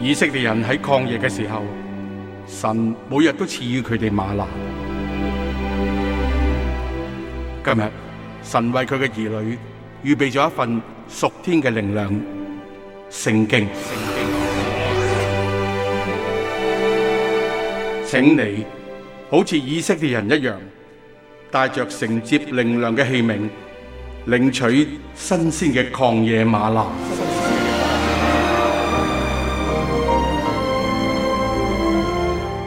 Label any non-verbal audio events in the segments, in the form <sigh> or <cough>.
以色列人在曠野的時候，神每日都賜予他們嗎哪。今日神為他的兒女預備咗一份屬天的靈糧聖經。聖經請你好似以色列人一樣，帶着承接靈糧的器皿，領取新鮮的曠野嗎哪。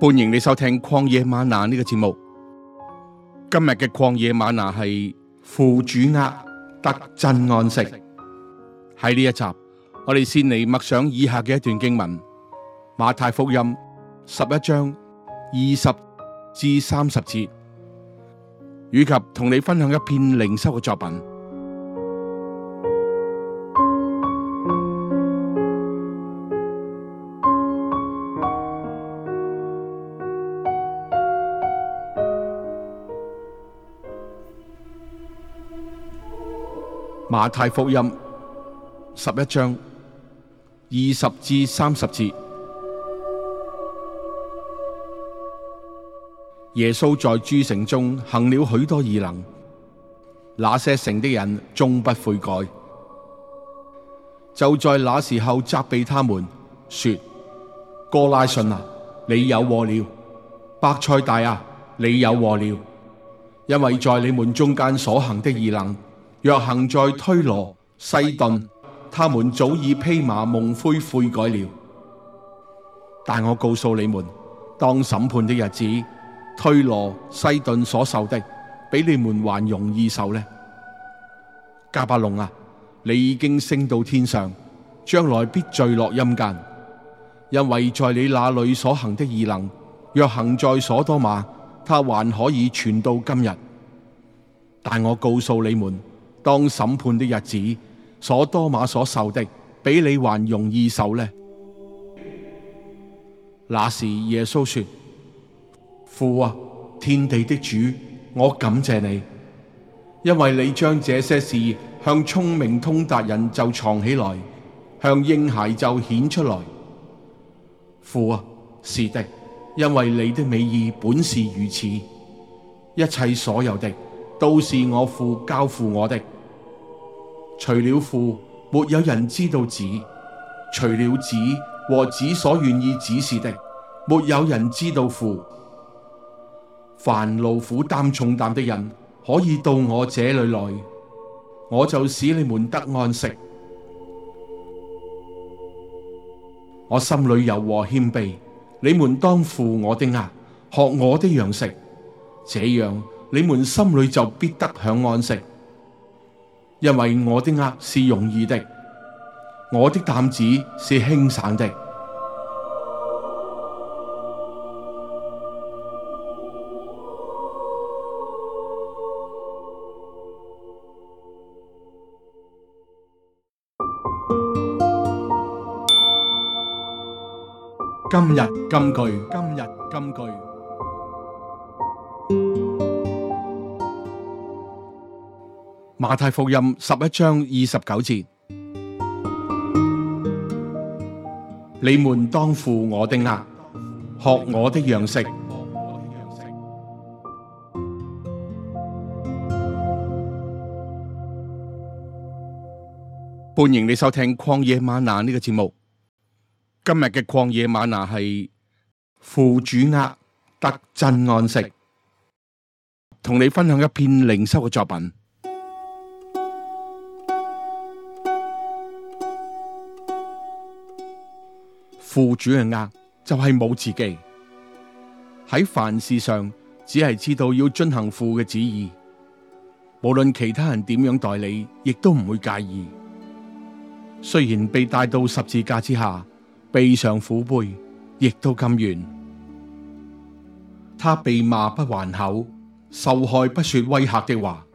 歡迎你收聽曠野嗎哪呢個節目。今日嘅曠野嗎哪係負主軛得真安息。喺呢一集，我哋先嚟默想以下嘅一段經文：馬太福音十一章二十至三十節，以及同你分享一篇靈修嘅作品。馬太福音十一章二十至三十節，耶穌在諸城中行了許多異能，那些城的人終不悔改。就在那時候責備他們說：哥拉汛啊，你有禍了；伯賽大啊，你有禍了，因為在你們中間所行的異能。若行在推羅、西頓，他們早已披麻蒙灰悔改了。但我告訴你們，當審判的日子，推羅、西頓所受的，比你們還容易受呢。迦百農啊，你已經升到天上，將來必墜落陰間，因為在你那裏所行的異能，若行在所多馬，他還可以存到今日。但我告訴你們。當審判的日子，所多瑪所受的比你還容易受呢。那時耶穌說：父啊，天地的主，我感謝你，因為你將這些事向聰明通達人就藏起來，向嬰孩就顯出來。父啊，是的，因為你的美意本是如此。一切所有的都是我父交付我的。除了父，沒有人知道子；除了子和子所願意指示的，沒有人知道父。凡勞苦擔重擔的人，可以到我這裏來，我就使你們得安息。我心裏柔和謙卑，你們當負我的軛，學我的樣式，這樣你們心裏就必得享安息。因為我的軛是容易的，我的擔子是輕省的。今日金句，今日金句。馬太福音十一章二十九節： <music> 你們當負我的軛，學我的樣式。歡 <music> 迎你收聽曠野瑪拿呢、這個節目。今日嘅曠野瑪拿係負主軛得真安息。同 <music> 你分享一篇靈修嘅作品。負主嘅軛就係冇自己。喺凡事上，只係知道要遵行父嘅旨意。無論其他人點樣待你，亦都唔會介意。雖然被帶到十字架之下，背上苦杯，亦都甘願。他被罵不還口，受害不說威嚇的話，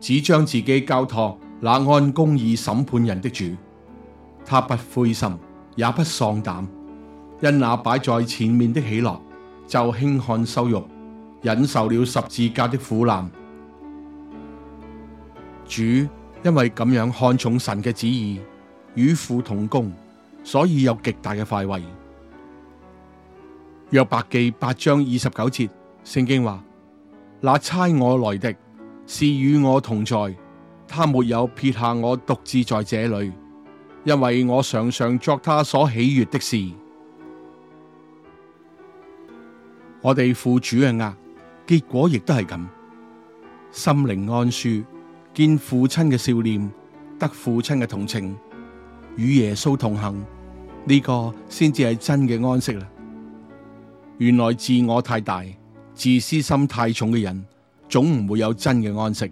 只將自己交託那按公義審判人的主。他不灰心。也不喪膽，因那擺在前面的喜樂，就輕看羞辱，忍受了十字架的苦難。主因為咁樣看重神嘅旨意，與父同工，所以有極大嘅快慰。約伯記八章二十九節，聖經話：那差我來的，是與我同在，他沒有撇下我獨自在這裏。因為我常常作他所喜悦的事，我哋負主嘅軛，結果亦都係咁心靈安舒，見父親嘅笑臉，得父親嘅同情，與耶穌同行，呢個先至係真嘅安息啦。原來自我太大，自私心太重嘅人，總唔會有真嘅安息。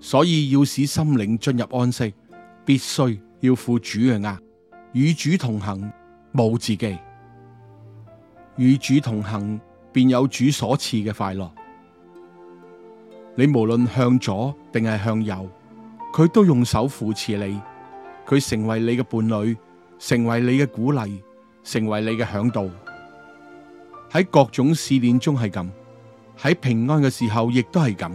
所以要使心靈進入安息，必須。要負主嘅軛，與主同行，冇自己，與主同行，便有主所賜嘅快樂。你無論向左定係向右，佢都用手扶持你，佢成為你嘅伴侶，成為你嘅鼓勵，成為你嘅嚮導。喺各種試煉中係咁，喺平安嘅時候亦都係咁。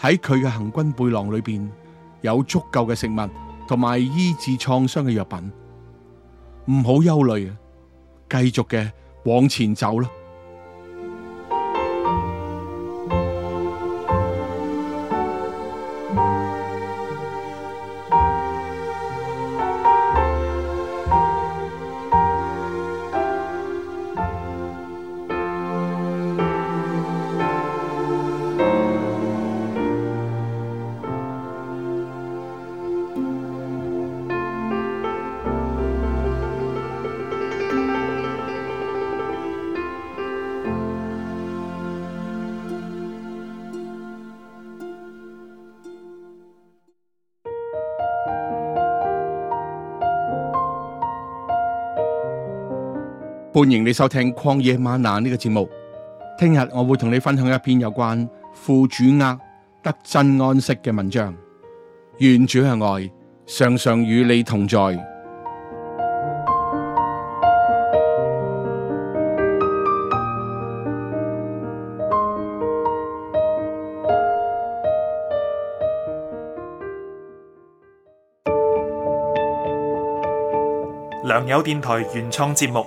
喺佢嘅行軍背囊裏邊有足夠嘅食物，同埋醫治創傷嘅藥品，唔好憂慮，繼續嘅往前走啦。歡迎你收聽曠野嗎哪呢個節目。聽日我會同你分享一篇有關負主軛得真安息嘅文章。願主嘅愛常常與你同在。良友電台原創節目。